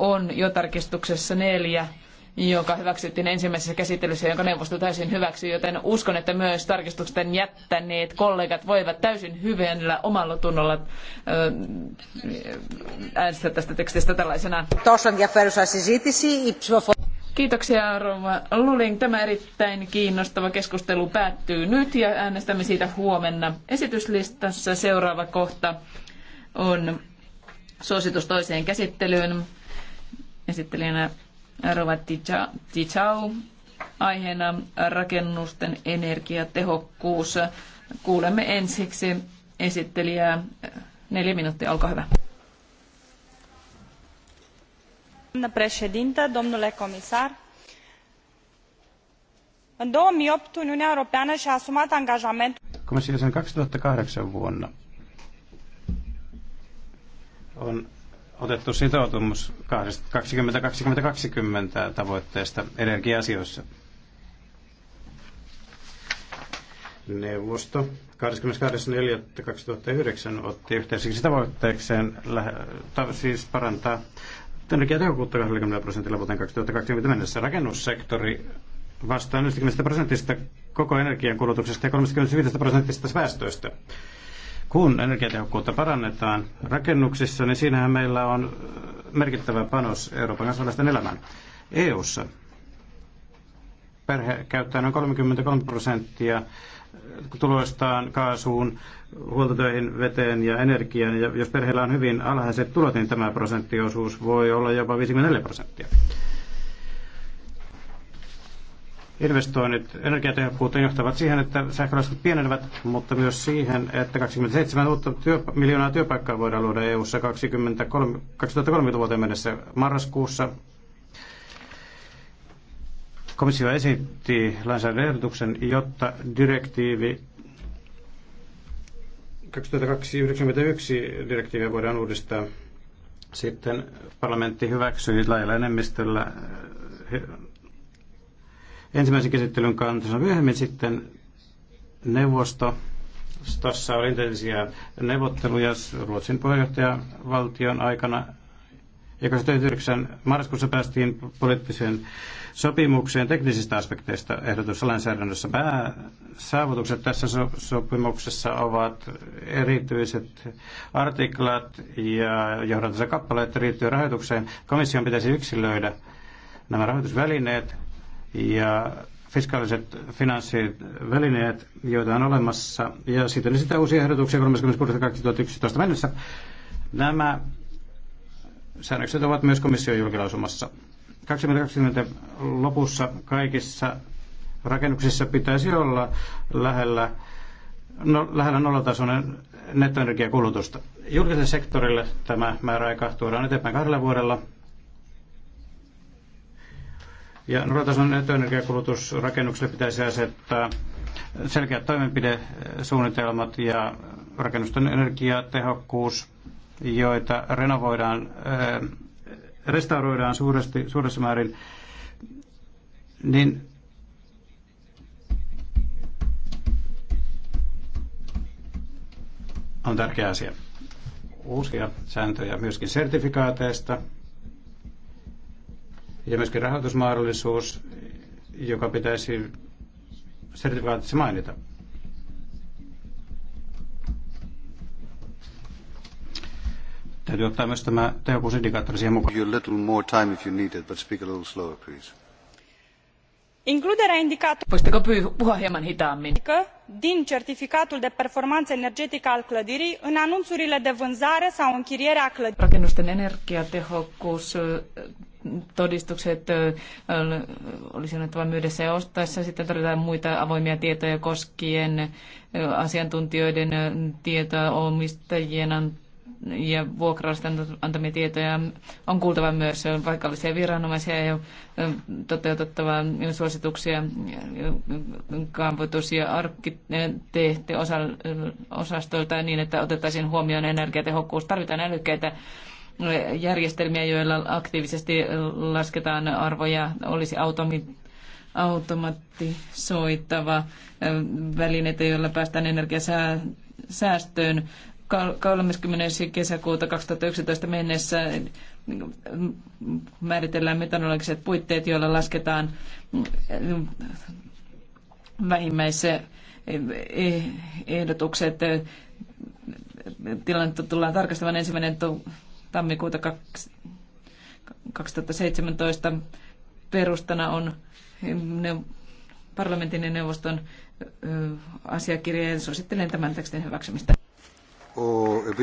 on jo tarkistuksessa neljä, joka hyväksyttiin ensimmäisessä käsittelyssä, jonka neuvosto täysin hyväksyi, joten uskon, että myös tarkistusten jättäneet kollegat voivat täysin hyvällä omalla tunnolla äänestää tästä tekstistä tällaisena. Kiitoksia Rova Luling. Tämä erittäin kiinnostava keskustelu päättyy nyt ja äänestämme siitä huomenna. Esityslistassa seuraava kohta on suositus toiseen käsittelyyn esittelijänä Rova Tichau. Aiheena rakennusten energiatehokkuus. Kuulemme ensiksi esittelijää. Neljä minuuttia, olkaa hyvä. Domnule comisar, în 2008 Uniunea Europeană și-a asumat angajamentul în 2008 vuonna on otettu sitoutumus 2020-2020 tavoitteesta energiaasioissa. Neuvosto 22.4.2009 otti yhteiseksi tavoitteekseen siis parantaa energiatehokkuutta 20 prosentilla vuoteen 2020 mennessä. Rakennussektori vastaa 90 prosentista koko energian kulutuksesta ja 35 prosentista päästöistä. Kun energiatehokkuutta parannetaan rakennuksissa, niin siinähän meillä on äh, merkittävä panos Euroopan kansalaisten elämään. EU:ssa perhe käyttää noin 33 prosenttia äh, tuloistaan kaasuun, huoltotöihin, veteen ja energiaan. Ja jos perheellä on hyvin alhaiset tulot, niin tämä prosenttiosuus voi olla jopa 54 prosenttia. Investoinnit energiatehokkuuteen johtavat siihen, että sähkölaskut pienenevät, mutta myös siihen, että 27 uutta työpa- miljoonaa työpaikkaa voidaan luoda EU-ssa 2030 vuoteen mennessä marraskuussa. Komissio esitti lainsäädäntöehdotuksen, jotta direktiivi 2021 direktiiviä voidaan uudistaa. Sitten parlamentti hyväksyi laajalla enemmistöllä ensimmäisen käsittelyn kantansa. Myöhemmin sitten neuvosto. Tässä oli intensiä neuvotteluja Ruotsin puheenjohtajavaltion aikana. Ja 2009 marraskuussa päästiin poliittiseen sopimukseen teknisistä aspekteista ehdotussa lainsäädännössä. Pääsaavutukset tässä so- sopimuksessa ovat erityiset artiklat ja johdantaisen kappaleet liittyen rahoitukseen. Komission pitäisi yksilöidä nämä rahoitusvälineet ja fiskaaliset finanssivälineet, joita on olemassa, ja sitten sitä uusia ehdotuksia 36.2011 mennessä. Nämä säännökset ovat myös komission julkilausumassa. 2020 lopussa kaikissa rakennuksissa pitäisi olla lähellä, no, lähellä nollatasoinen nettoenergiakulutusta. Julkiselle sektorille tämä määräaika tuodaan eteenpäin kahdella vuodella ja nollatason nettoenergiakulutus rakennukselle pitäisi asettaa selkeät toimenpidesuunnitelmat ja rakennusten energiatehokkuus, joita renovoidaan, äh, restauroidaan suuresti, suuressa määrin, niin on tärkeä asia. Uusia sääntöjä myöskin sertifikaateista, ja myöskin rahoitusmahdollisuus, joka pitäisi sertifikaatissa mainita. Täytyy ottaa myös tämä tehokkuusindikaattori siihen mukaan. Includerea indicatorului din certificatul de performană energetică al clădirii în anunurile de vânzare sau închiriere a clădirii ja vuokrausten antamia tietoja on kuultava myös paikallisia viranomaisia ja toteutettava suosituksia kaavoitus- ja arkkitehtiosastolta niin, että otettaisiin huomioon energiatehokkuus. Tarvitaan älykkäitä järjestelmiä, joilla aktiivisesti lasketaan arvoja, olisi automi, automatisoitava välineitä, joilla päästään energiasäästöön 30. kesäkuuta 2011 mennessä niin määritellään metanologiset puitteet, joilla lasketaan mm, vähimmäiset eh, ehdotukset. Tilannetta tullaan tarkastamaan ensimmäinen tammikuuta 2017. Perustana on mm, parlamentin ja neuvoston asiakirja ja suosittelen tämän tekstin hyväksymistä herr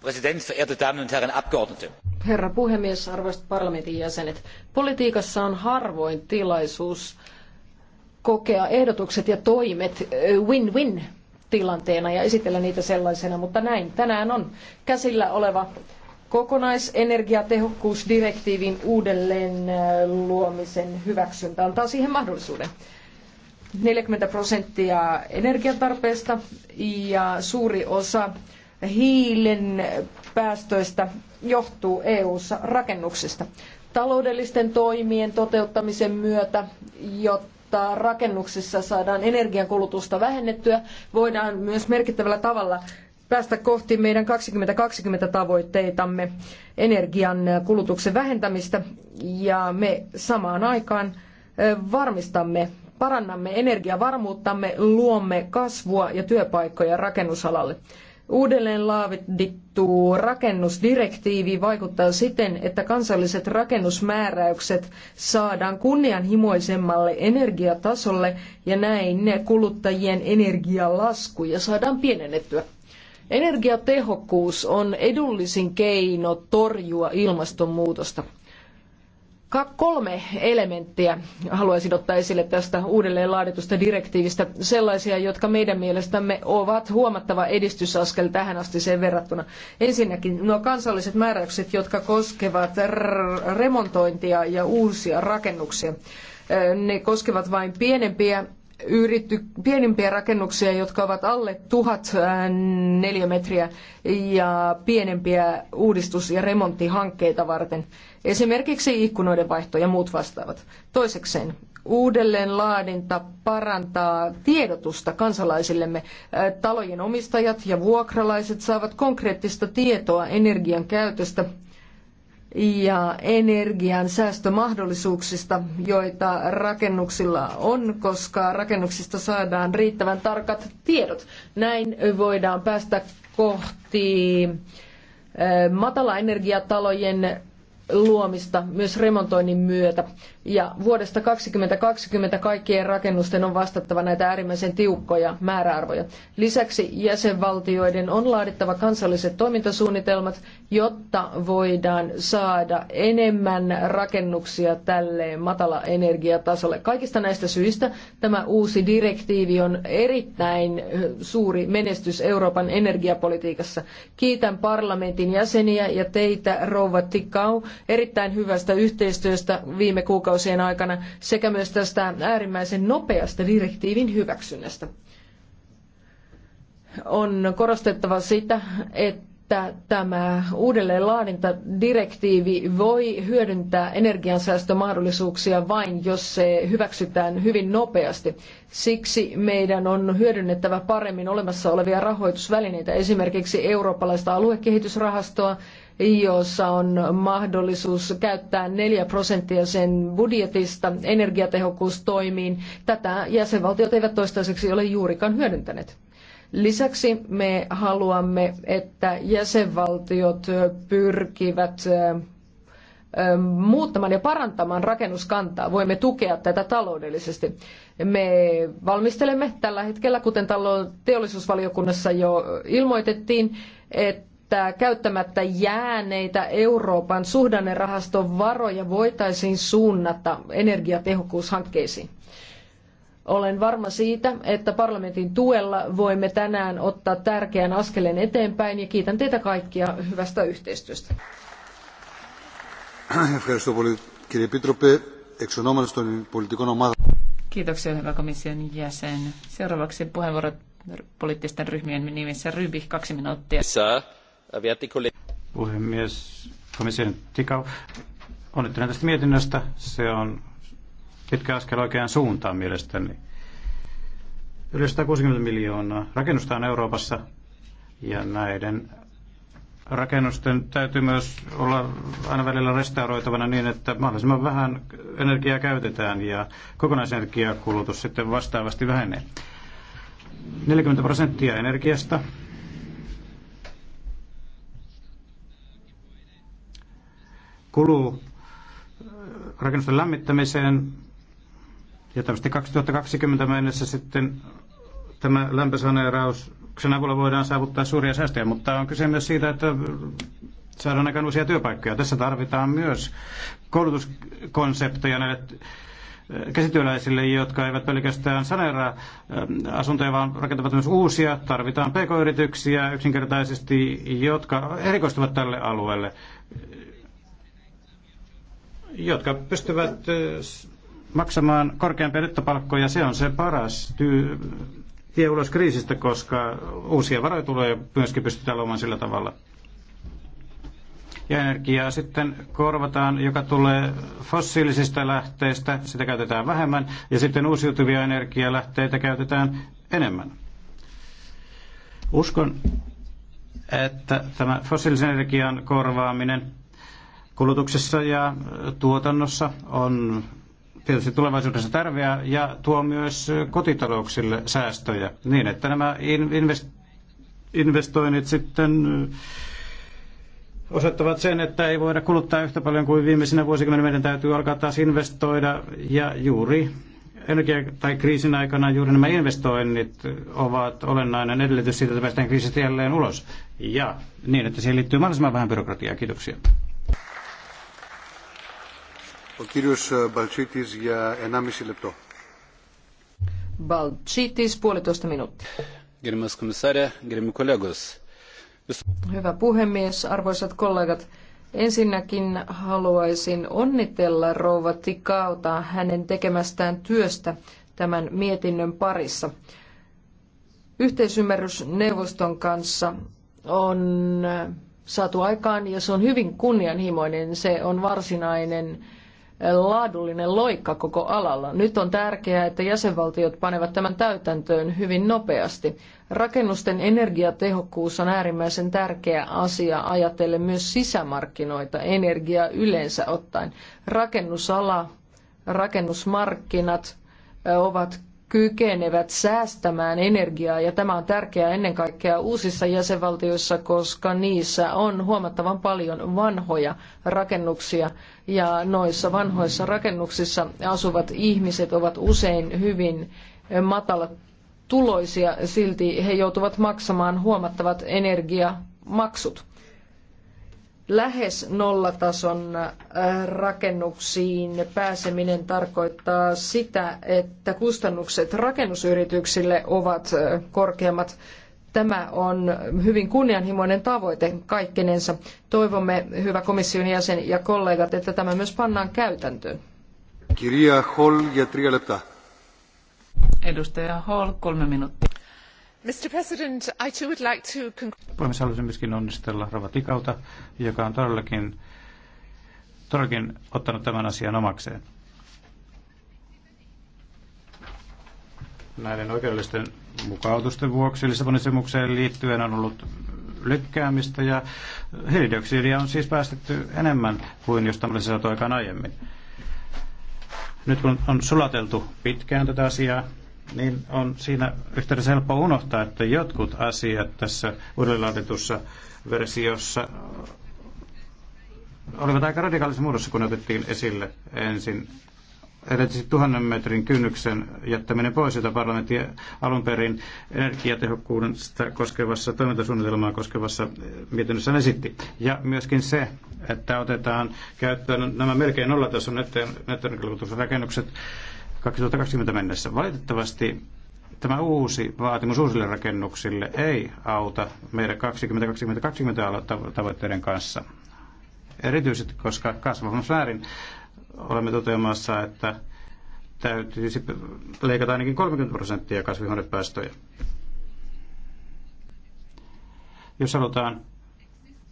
präsident verehrte damen und herren abgeordnete! herra puhemies arvoisat parlamentin jäsenet politiikassa on harvoin tilaisuus kokea ehdotukset ja toimet win win tilanteena ja esitellä niitä sellaisena mutta näin tänään on käsillä oleva kokonaisenergiatehokkuusdirektiivin uudelleen luomisen hyväksyntä antaa siihen mahdollisuuden. 40 prosenttia energiatarpeesta ja suuri osa hiilen päästöistä johtuu EU-ssa rakennuksista. Taloudellisten toimien toteuttamisen myötä, jotta rakennuksissa saadaan energiankulutusta vähennettyä, voidaan myös merkittävällä tavalla päästä kohti meidän 2020 tavoitteitamme energian kulutuksen vähentämistä ja me samaan aikaan eh, varmistamme parannamme energiavarmuuttamme, luomme kasvua ja työpaikkoja rakennusalalle. Uudelleen laadittu rakennusdirektiivi vaikuttaa siten, että kansalliset rakennusmääräykset saadaan kunnianhimoisemmalle energiatasolle ja näin kuluttajien energialaskuja saadaan pienennettyä. Energiatehokkuus on edullisin keino torjua ilmastonmuutosta kolme elementtiä haluaisin ottaa esille tästä uudelleen laaditusta direktiivistä, sellaisia, jotka meidän mielestämme ovat huomattava edistysaskel tähän astiseen verrattuna. Ensinnäkin nuo kansalliset määräykset, jotka koskevat remontointia ja uusia rakennuksia. Ne koskevat vain pienempiä yritty pienimpiä rakennuksia, jotka ovat alle tuhat äh, neliömetriä ja pienempiä uudistus- ja remonttihankkeita varten. Esimerkiksi ikkunoiden vaihto ja muut vastaavat. Toisekseen uudelleenlaadinta parantaa tiedotusta kansalaisillemme. Äh, talojen omistajat ja vuokralaiset saavat konkreettista tietoa energian käytöstä ja energian säästömahdollisuuksista, joita rakennuksilla on, koska rakennuksista saadaan riittävän tarkat tiedot. Näin voidaan päästä kohti matalaenergiatalojen luomista myös remontoinnin myötä. Ja vuodesta 2020 kaikkien rakennusten on vastattava näitä äärimmäisen tiukkoja määräarvoja. Lisäksi jäsenvaltioiden on laadittava kansalliset toimintasuunnitelmat jotta voidaan saada enemmän rakennuksia tälle matala energiatasolle. Kaikista näistä syistä tämä uusi direktiivi on erittäin suuri menestys Euroopan energiapolitiikassa. Kiitän parlamentin jäseniä ja teitä, rouva Tikau, erittäin hyvästä yhteistyöstä viime kuukausien aikana sekä myös tästä äärimmäisen nopeasta direktiivin hyväksynnästä on korostettava sitä, että että tämä direktiivi voi hyödyntää energiansäästömahdollisuuksia vain, jos se hyväksytään hyvin nopeasti. Siksi meidän on hyödynnettävä paremmin olemassa olevia rahoitusvälineitä, esimerkiksi eurooppalaista aluekehitysrahastoa, jossa on mahdollisuus käyttää neljä prosenttia sen budjetista energiatehokkuustoimiin. Tätä jäsenvaltiot eivät toistaiseksi ole juurikaan hyödyntäneet. Lisäksi me haluamme, että jäsenvaltiot pyrkivät muuttamaan ja parantamaan rakennuskantaa. Voimme tukea tätä taloudellisesti. Me valmistelemme tällä hetkellä, kuten teollisuusvaliokunnassa jo ilmoitettiin, että käyttämättä jääneitä Euroopan suhdannerahaston varoja voitaisiin suunnata energiatehokkuushankkeisiin. Olen varma siitä, että parlamentin tuella voimme tänään ottaa tärkeän askeleen eteenpäin ja kiitän teitä kaikkia hyvästä yhteistyöstä. Kiitoksia, hyvä komission jäsen. Seuraavaksi puheenvuorot poliittisten ryhmien nimissä. Rybi, kaksi minuuttia. Puhemies, komission Tikau, onnittelen tästä mietinnöstä. Se on pitkä askel oikeaan suuntaan mielestäni. Yli 160 miljoonaa rakennusta on Euroopassa ja näiden rakennusten täytyy myös olla aina välillä restauroitavana niin, että mahdollisimman vähän energiaa käytetään ja kokonaisenergiakulutus sitten vastaavasti vähenee. 40 prosenttia energiasta kuluu rakennusten lämmittämiseen ja tämmöisesti 2020 mennessä sitten tämä lämpösaneerauksen avulla voidaan saavuttaa suuria säästöjä, mutta on kyse myös siitä, että saadaan aikaan uusia työpaikkoja. Tässä tarvitaan myös koulutuskonsepteja näille eh, käsityöläisille, jotka eivät pelkästään saneeraa eh, asuntoja, vaan rakentavat myös uusia. Tarvitaan pk-yrityksiä yksinkertaisesti, jotka erikoistuvat tälle alueelle, jotka pystyvät eh, maksamaan korkeampia nettopalkkoja. Se on se paras tyy, tie ulos kriisistä, koska uusia ja myöskin pystytään luomaan sillä tavalla. Ja energiaa sitten korvataan, joka tulee fossiilisista lähteistä, sitä käytetään vähemmän, ja sitten uusiutuvia energialähteitä käytetään enemmän. Uskon, että tämä fossiilisen energian korvaaminen kulutuksessa ja tuotannossa on tietysti tulevaisuudessa tarve ja tuo myös kotitalouksille säästöjä niin, että nämä investoinnit sitten osoittavat sen, että ei voida kuluttaa yhtä paljon kuin viimeisinä vuosikymmeninä. Meidän täytyy alkaa taas investoida ja juuri energia- tai kriisin aikana juuri nämä investoinnit ovat olennainen edellytys siitä, että päästään kriisistä jälleen ulos. Ja niin, että siihen liittyy mahdollisimman vähän byrokratiaa. Kiitoksia. Ο κύριος Μπαλτσίτης για 1,5 λεπτό. Balchitis, puolitoista minuuttia. Gerimas komissaria, gerimme kollegos. Hyvä puhemies, arvoisat kollegat. Ensinnäkin haluaisin onnitella rouva Tikauta hänen tekemästään työstä tämän mietinnön parissa. Yhteisymmärrys neuvoston kanssa on äh, saatu aikaan ja se on hyvin kunnianhimoinen. Se on varsinainen laadullinen loikka koko alalla. Nyt on tärkeää, että jäsenvaltiot panevat tämän täytäntöön hyvin nopeasti. Rakennusten energiatehokkuus on äärimmäisen tärkeä asia ajatellen myös sisämarkkinoita, energiaa yleensä ottaen. Rakennusala, rakennusmarkkinat ovat kykenevät säästämään energiaa ja tämä on tärkeää ennen kaikkea uusissa jäsenvaltioissa, koska niissä on huomattavan paljon vanhoja rakennuksia ja noissa vanhoissa rakennuksissa asuvat ihmiset ovat usein hyvin matalat tuloisia, silti he joutuvat maksamaan huomattavat energiamaksut lähes nollatason äh, rakennuksiin pääseminen tarkoittaa sitä, että kustannukset rakennusyrityksille ovat äh, korkeammat. Tämä on hyvin kunnianhimoinen tavoite kaikkinensa. Toivomme, hyvä komission jäsen ja kollegat, että tämä myös pannaan käytäntöön. Kirja Hall ja Edustaja Hall, kolme minuuttia. Mr. President, I too would like to... Puhemies, haluaisin myöskin onnistella Rova Tikauta, joka on todellakin, todellakin ottanut tämän asian omakseen. Näiden oikeudellisten mukautusten vuoksi Lissabonin sopimukseen liittyen on ollut lykkäämistä ja hiilidioksidia on siis päästetty enemmän kuin jos tämmöinen saatu aikaan aiemmin. Nyt kun on sulateltu pitkään tätä asiaa, niin on siinä yhteydessä helppo unohtaa, että jotkut asiat tässä uudelleenlaaditussa versiossa olivat aika radikaalisessa muodossa, kun otettiin esille ensin erityisesti tuhannen metrin kynnyksen jättäminen pois, jota parlamentin alun perin energiatehokkuudesta koskevassa toimintasuunnitelmaa koskevassa eh, mietinnössä esitti. Ja myöskin se, että otetaan käyttöön nämä melkein nollatason nettonkulutusrakennukset, net- 2020 mennessä. Valitettavasti tämä uusi vaatimus uusille rakennuksille ei auta meidän 2020-2020 tavoitteiden kanssa. Erityisesti, koska kasvavan määrin olemme toteamassa, että täytyisi leikata ainakin 30 prosenttia kasvihuonepäästöjä. Jos halutaan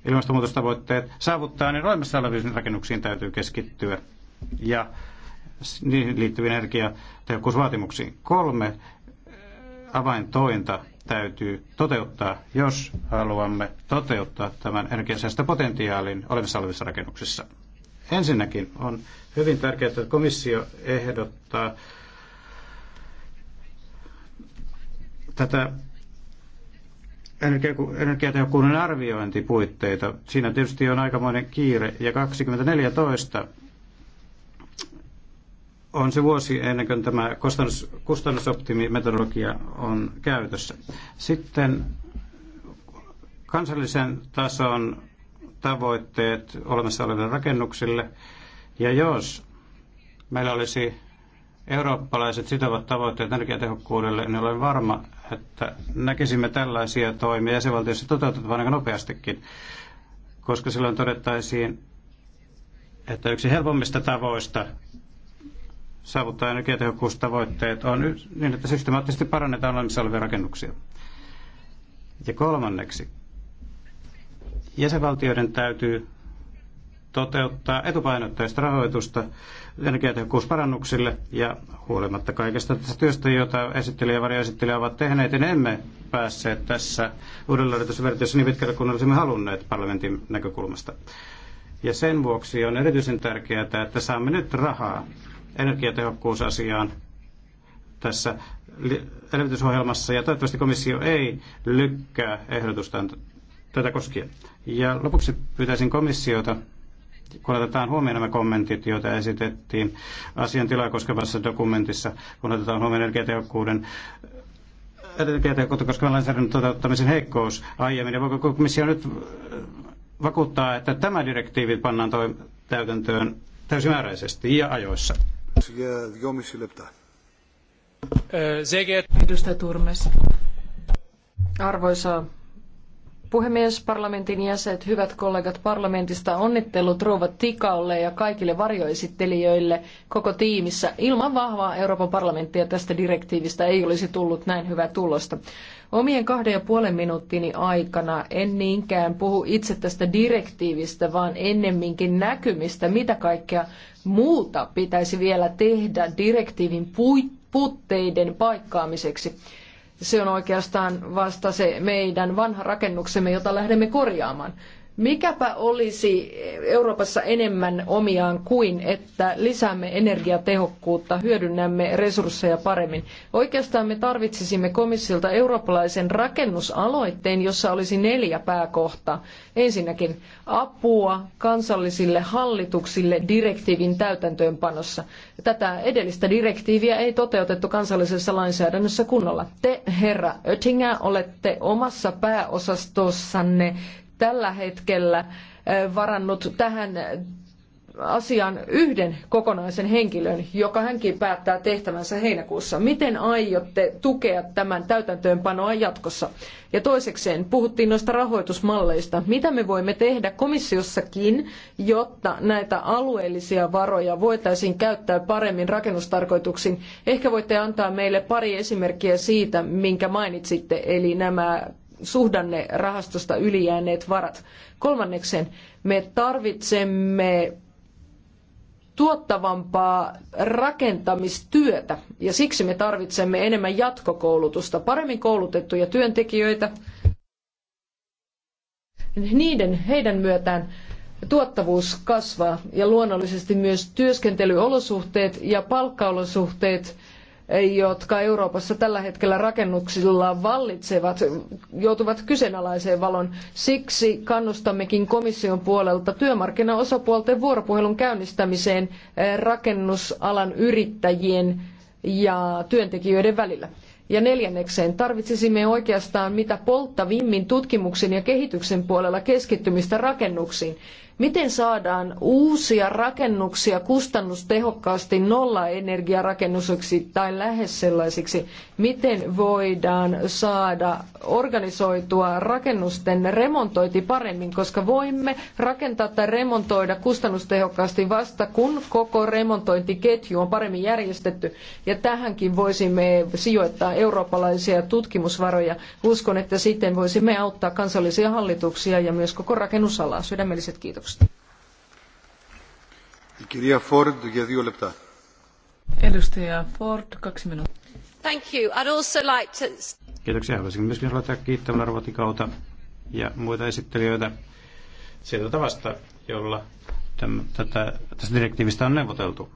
ilmastonmuutostavoitteet saavuttaa, niin olemassa oleviin rakennuksiin täytyy keskittyä. Ja niihin liittyviin energiatehokkuusvaatimuksiin. Kolme äh, avaintointa täytyy toteuttaa, jos haluamme toteuttaa tämän energiansäästöpotentiaalin olemassa olevissa rakennuksissa. Ensinnäkin on hyvin tärkeää, että komissio ehdottaa tätä energiatehokkuuden arviointipuitteita. Siinä tietysti on aikamoinen kiire ja 2014 on se vuosi ennen kuin tämä kustannus, kustannusoptimimetodologia on käytössä. Sitten kansallisen tason tavoitteet olemassa oleville rakennuksille. Ja jos meillä olisi eurooppalaiset sitovat tavoitteet energiatehokkuudelle, niin olen varma, että näkisimme tällaisia toimia jäsenvaltiossa toteutettavan aika nopeastikin, koska silloin todettaisiin, että yksi helpommista tavoista saavuttaa energiatehokkuustavoitteet on niin, että systemaattisesti parannetaan olemassa olevia rakennuksia. Ja kolmanneksi, jäsenvaltioiden täytyy toteuttaa etupainotteista rahoitusta energiatehokkuusparannuksille ja huolimatta kaikesta tästä työstä, jota esittelijä ja varjoesittelijä ovat tehneet, niin emme päässeet tässä uudelleenyritysvertiossa niin pitkälle kuin olisimme halunneet parlamentin näkökulmasta. Ja sen vuoksi on erityisen tärkeää, että saamme nyt rahaa energiatehokkuusasiaan tässä elvytysohjelmassa ja toivottavasti komissio ei lykkää ehdotustaan tätä koskien. Ja lopuksi pyytäisin komissiota, kun otetaan huomioon nämä kommentit, joita esitettiin asiantilaa koskevassa dokumentissa, kun otetaan huomioon energiatehokkuuden energiatehokkuutta koskevan lainsäädännön toteuttamisen heikkous aiemmin, ja voiko komissio nyt vakuuttaa, että tämä direktiivi pannaan toi täytäntöön täysimääräisesti ja ajoissa? Turmes. Arvoisa puhemies, parlamentin jäsenet, hyvät kollegat parlamentista, onnittelut rouva ticaolle ja kaikille varjoesittelijöille koko tiimissä. Ilman vahvaa Euroopan parlamenttia tästä direktiivistä ei olisi tullut näin hyvää tulosta. Omien kahden ja puolen minuuttini aikana en niinkään puhu itse tästä direktiivistä, vaan ennemminkin näkymistä, mitä kaikkea muuta pitäisi vielä tehdä direktiivin puutteiden paikkaamiseksi. Se on oikeastaan vasta se meidän vanha rakennuksemme, jota lähdemme korjaamaan. Mikäpä olisi Euroopassa enemmän omiaan kuin, että lisäämme energiatehokkuutta, hyödynnämme resursseja paremmin. Oikeastaan me tarvitsisimme komissiolta eurooppalaisen rakennusaloitteen, jossa olisi neljä pääkohtaa. Ensinnäkin apua kansallisille hallituksille direktiivin täytäntöönpanossa. Tätä edellistä direktiiviä ei toteutettu kansallisessa lainsäädännössä kunnolla. Te, herra Oettinger, olette omassa pääosastossanne tällä hetkellä varannut tähän asiaan yhden kokonaisen henkilön, joka hänkin päättää tehtävänsä heinäkuussa. Miten aiotte tukea tämän täytäntöönpanoa jatkossa? Ja toisekseen, puhuttiin noista rahoitusmalleista. Mitä me voimme tehdä komissiossakin, jotta näitä alueellisia varoja voitaisiin käyttää paremmin rakennustarkoituksiin? Ehkä voitte antaa meille pari esimerkkiä siitä, minkä mainitsitte, eli nämä suhdannerahastosta ylijääneet varat. kolmanneksen me tarvitsemme tuottavampaa rakentamistyötä ja siksi me tarvitsemme enemmän jatkokoulutusta, paremmin koulutettuja työntekijöitä. Niiden, heidän myötään tuottavuus kasvaa ja luonnollisesti myös työskentelyolosuhteet ja palkkaolosuhteet jotka Euroopassa tällä hetkellä rakennuksilla vallitsevat, joutuvat kyseenalaiseen valon. Siksi kannustammekin komission puolelta työmarkkinaosapuolten vuoropuhelun käynnistämiseen eh, rakennusalan yrittäjien ja työntekijöiden välillä. Ja neljännekseen tarvitsisimme oikeastaan mitä polttavimmin tutkimuksen ja kehityksen puolella keskittymistä rakennuksiin. Miten saadaan uusia rakennuksia kustannustehokkaasti nollaenergiarakennuksiksi tai lähes sellaisiksi? Miten voidaan saada organisoitua rakennusten remontointi paremmin, koska voimme rakentaa tai remontoida kustannustehokkaasti vasta, kun koko remontointiketju on paremmin järjestetty. Ja tähänkin voisimme sijoittaa eurooppalaisia tutkimusvaroja. Uskon, että sitten voisimme auttaa kansallisia hallituksia ja myös koko rakennusalaa. Sydämelliset kiitokset. Ford, Ford, kaksi minuuttia. Thank you. I'd also like to... Kiitoksia. Haluaisin myöskin aloittaa kiittämällä Robotikauta ja muita esittelijöitä sieltä tavasta, jolla tämän, tätä, tästä direktiivistä on neuvoteltu.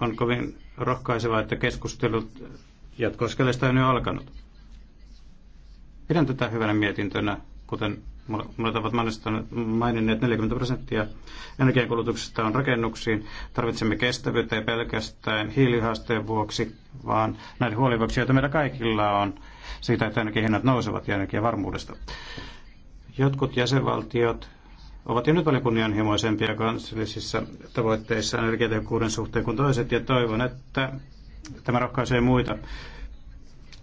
On kovin rohkaisevaa, että keskustelut jatkoskeleista on jo alkanut. Pidän tätä hyvänä mietintönä, kuten monet ovat maininneet, 40 prosenttia energiankulutuksesta on rakennuksiin. Tarvitsemme kestävyyttä ei pelkästään hiilihaasteen vuoksi, vaan näiden huolien vuoksi, joita meillä kaikilla on siitä, että energiahinnat nousevat ja energiavarmuudesta. Jotkut jäsenvaltiot ovat jo nyt paljon kunnianhimoisempia kansallisissa tavoitteissa energiatehokkuuden suhteen kuin toiset, ja toivon, että tämä rohkaisee muita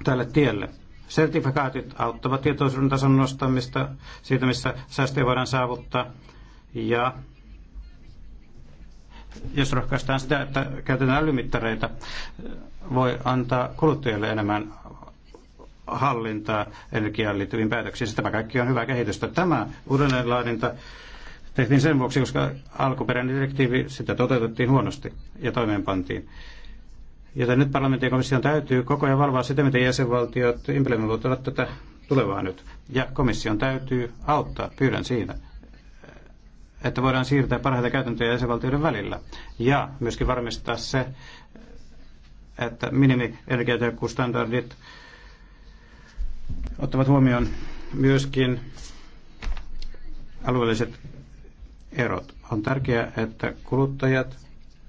tälle tielle. Sertifikaatit auttavat tietoisuuden tason nostamista siitä, missä säästöjä voidaan saavuttaa. Ja jos rohkaistaan sitä, että käytetään älymittareita, voi antaa kuluttajille enemmän hallintaa energiaan liittyviin päätöksiin. Tämä kaikki on hyvä kehitystä. Tämä uudelleenlaadinta tehtiin sen vuoksi, koska alkuperäinen direktiivi sitä toteutettiin huonosti ja toimeenpantiin. Joten nyt parlamentin ja komission täytyy koko ajan valvoa sitä, miten jäsenvaltiot implementoivat tätä tulevaa nyt. Ja komission täytyy auttaa, pyydän siinä, että voidaan siirtää parhaita käytäntöjä jäsenvaltioiden välillä. Ja myöskin varmistaa se, että minimienergiatehokkuusstandardit ottavat huomioon myöskin alueelliset erot. On tärkeää, että kuluttajat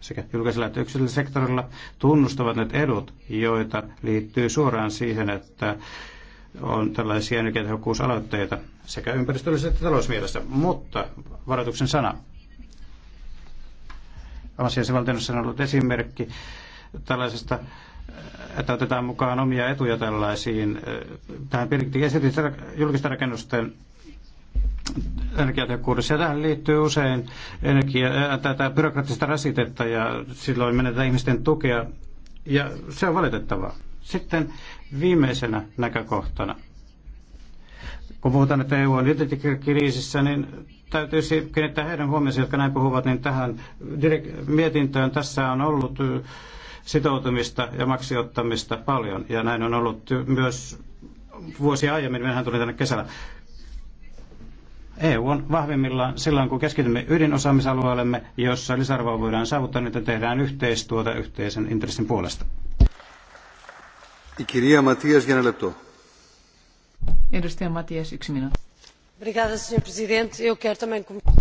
sekä julkisella että yksityisellä sektorilla tunnustavat nyt edut, joita liittyy suoraan siihen, että on tällaisia energiatehokkuusaloitteita sekä ympäristöllisessä että talousmielessä. Mutta varoituksen sana. Asiassa valtionossa on ollut esimerkki tällaisesta että otetaan mukaan omia etuja tällaisiin, eh, tähän esitys julkisten rakennusten energiatehokkuudessa. Ja tähän liittyy usein energia, tätä byrokraattista rasitetta ja silloin menetään ihmisten tukea. Ja se on valitettavaa. Sitten viimeisenä näkökohtana. Kun puhutaan, että EU on identiteettikriisissä, niin täytyisi kiinnittää heidän huomioon, jotka näin puhuvat, niin tähän mietintöön tässä on ollut sitoutumista ja maksiottamista paljon. Ja näin on ollut myös vuosia aiemmin, mehän tuli tänne kesällä. EU on vahvimmillaan silloin, kun keskitymme ydinosaamisalueellemme, jossa lisäarvoa voidaan saavuttaa, niin tehdään yhteistyötä yhteisen intressin puolesta. Kirja Matias για Edustaja Matias, yksi minuutti.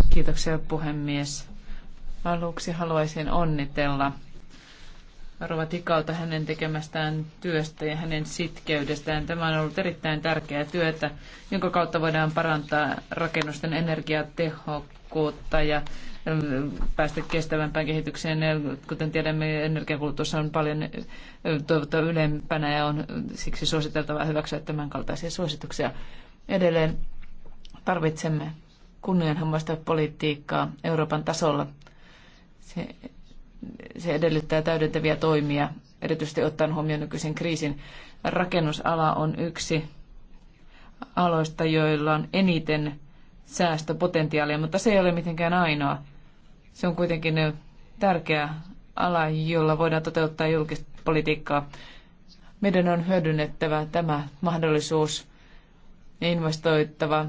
Kiitoksia puhemies. Aluksi haluaisin onnitella Rova Tikalta hänen tekemästään työstä ja hänen sitkeydestään. Tämä on ollut erittäin tärkeää työtä, jonka kautta voidaan parantaa rakennusten energiatehokkuutta ja ähm, päästä kestävämpään kehitykseen. Kuten tiedämme, energiakulutus on paljon äh, toivottua ylempänä ja on siksi suositeltavaa hyväksyä tämän kaltaisia suosituksia. Edelleen tarvitsemme kunnianhimoista politiikkaa Euroopan tasolla. Se se edellyttää täydentäviä toimia, erityisesti ottaen huomioon nykyisen kriisin. Rakennusala on yksi aloista, joilla on eniten säästöpotentiaalia, mutta se ei ole mitenkään ainoa. Se on kuitenkin tärkeä ala, jolla voidaan toteuttaa julkista politiikkaa. Meidän on hyödynnettävä tämä mahdollisuus ja investoittava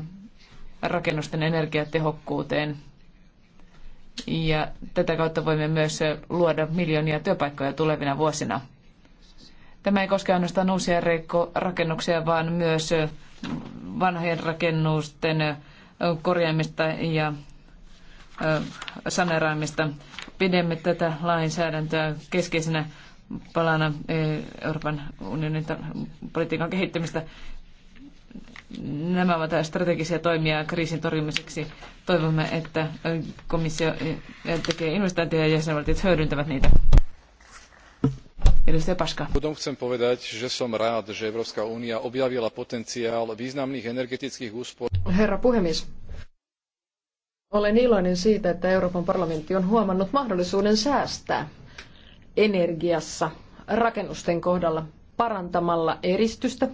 rakennusten energiatehokkuuteen – ja tätä kautta voimme myös luoda miljoonia työpaikkoja tulevina vuosina. Tämä ei koske ainoastaan uusia rakennuksia, vaan myös vanhojen rakennusten korjaamista ja saneraamista. Pidemme tätä lainsäädäntöä keskeisenä palana Euroopan unionin politiikan kehittämistä. Nämä ovat strategisia toimia kriisin torjumiseksi. Toivomme, että komissio eh, tekee investointeja ja jäsenvaltiot hyödyntävät niitä. Úvodom chcem povedať, že som rád, že Európska únia objavila potenciál významných energetických úspor. Herra puhemies, olen iloinen siitä, että Euroopan parlamentti on huomannut mahdollisuuden säästää energiassa rakennusten kohdalla parantamalla eristystä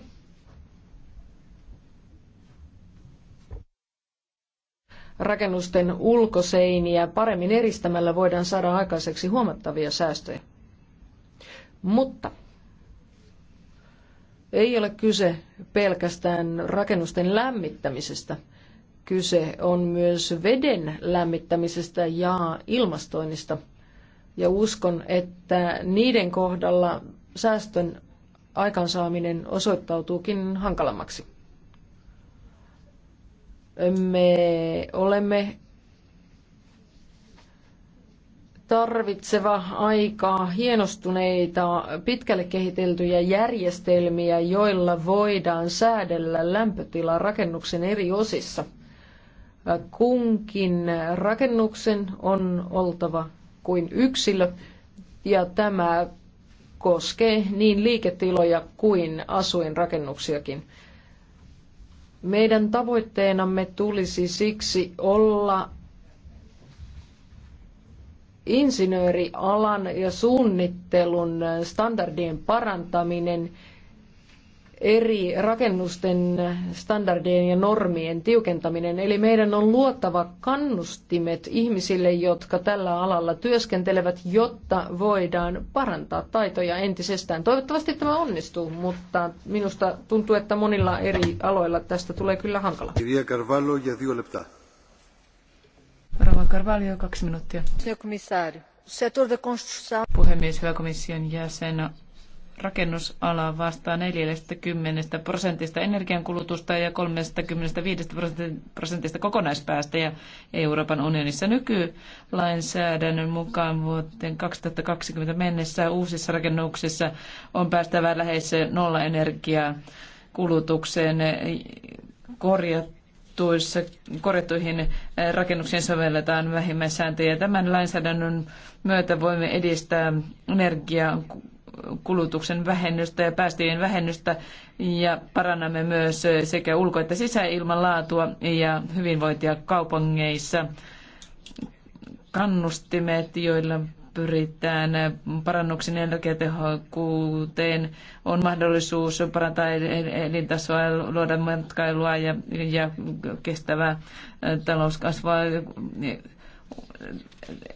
rakennusten ulkoseiniä paremmin eristämällä voidaan saada aikaiseksi huomattavia säästöjä. Mutta ei ole kyse pelkästään rakennusten lämmittämisestä. Kyse on myös veden lämmittämisestä ja ilmastoinnista. Ja uskon, että niiden kohdalla säästön aikaansaaminen osoittautuukin hankalammaksi. Me olemme tarvitseva aikaa hienostuneita, pitkälle kehiteltyjä järjestelmiä, joilla voidaan säädellä lämpötilaa rakennuksen eri osissa. Kunkin rakennuksen on oltava kuin yksilö, ja tämä koskee niin liiketiloja kuin asuinrakennuksiakin. Meidän tavoitteenamme tulisi siksi olla insinöörialan ja suunnittelun standardien parantaminen – eri rakennusten standardien ja normien tiukentaminen. Eli meidän on luottava kannustimet ihmisille, jotka tällä alalla työskentelevät, jotta voidaan parantaa taitoja entisestään. Toivottavasti tämä onnistuu, mutta minusta tuntuu, että monilla eri aloilla tästä tulee kyllä hankala. ja Rava Carvalho, kaksi minuuttia. Puhemies, hyvä komission jäsen rakennusala vastaa 40 prosentista energiankulutusta ja 35 prosentista ja Euroopan unionissa. Nykylainsäädännön mukaan vuoteen 2020 mennessä uusissa rakennuksissa on päästävä lähes nolla energiaa korjattuissa, korjattuihin eh, rakennuksiin sovelletaan vähimmäissääntöjä. Tämän lainsäädännön myötä voimme edistää energiaa kulutuksen vähennystä ja päästöjen vähennystä ja parannamme myös sekä ulko- että sisäilman laatua ja hyvinvointia kaupungeissa. Kannustimet, joilla pyritään parannuksen energiatehokkuuteen, on mahdollisuus parantaa elintasoa, luoda matkailua ja, ja kestävää talouskasvua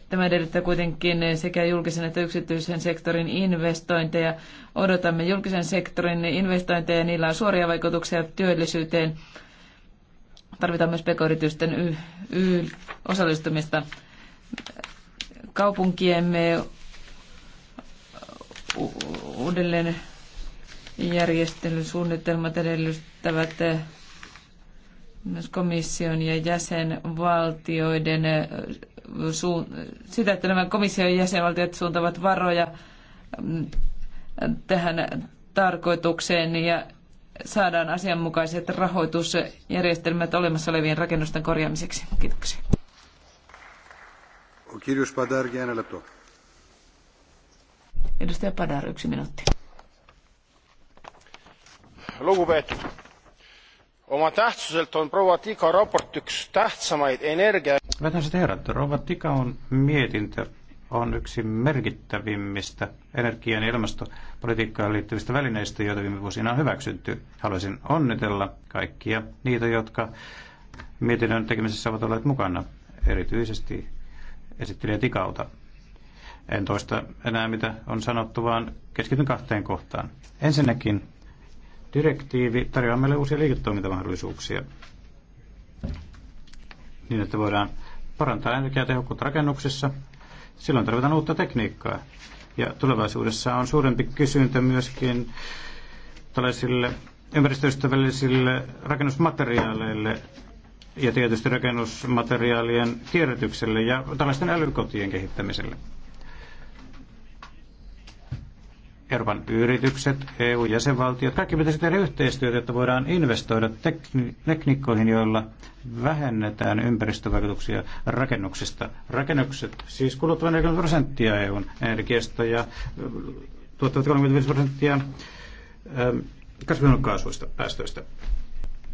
Tämä edellyttää kuitenkin sekä julkisen että yksityisen sektorin investointeja. Odotamme julkisen sektorin investointeja, niillä on suoria vaikutuksia työllisyyteen. Tarvitaan myös pk-yritysten osallistumista. Kaupunkiemme uudelleen järjestelysuunnitelmat edellyttävät myös komission ja jäsenvaltioiden sitä, että nämä komission jäsenvaltiot suuntavat varoja mm, tähän tarkoitukseen ja saadaan asianmukaiset rahoitusjärjestelmät olemassa olevien rakennusten korjaamiseksi. Kiitoksia. Edustaja Padar, yksi minuutti. Lugupeetud oma tähtsuselt on proua Tika raport üks tähtsamaid energia... Hyvät naiset proua rouva on mietintö on yksi merkittävimmistä energian ja ilmastopolitiikkaan liittyvistä välineistä, joita viime vuosina on hyväksytty. Haluaisin onnitella kaikkia niitä, jotka mietinnön tekemisessä ovat olleet mukana, erityisesti esittelijä Tikauta. En toista enää, mitä on sanottu, vaan keskityn kahteen kohtaan. Ensinnäkin Direktiivi tarjoaa meille uusia liiketoimintamahdollisuuksia niin, että voidaan parantaa energiatehokkuutta rakennuksissa. Silloin tarvitaan uutta tekniikkaa. Ja tulevaisuudessa on suurempi kysyntä myöskin tällaisille ympäristöystävällisille rakennusmateriaaleille ja tietysti rakennusmateriaalien kierrätykselle ja tällaisten älykotien kehittämiselle. Euroopan yritykset, EU-jäsenvaltiot, kaikki pitäisi tehdä yhteistyötä, että voidaan investoida tekni- tekniikkoihin, joilla vähennetään ympäristövaikutuksia rakennuksista. Rakennukset siis kuluttavat 40 prosenttia EUn energiasta ja tuottavat 35 prosenttia kasvihuonekaasuista päästöistä.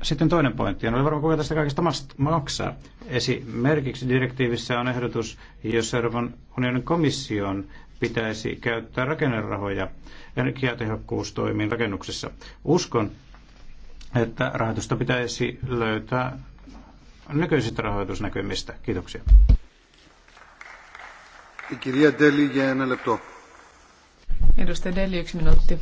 Sitten toinen pointti, on, varmaan kuka tästä kaikesta maksaa. Esimerkiksi direktiivissä on ehdotus, jossa Euroopan unionin komission pitäisi käyttää rakennerahoja energiatehokkuustoimiin rakennuksissa. Uskon, että rahoitusta pitäisi löytää nykyisistä rahoitusnäkymistä. Kiitoksia. Kirja Edustaja Deli, yksi minuutti.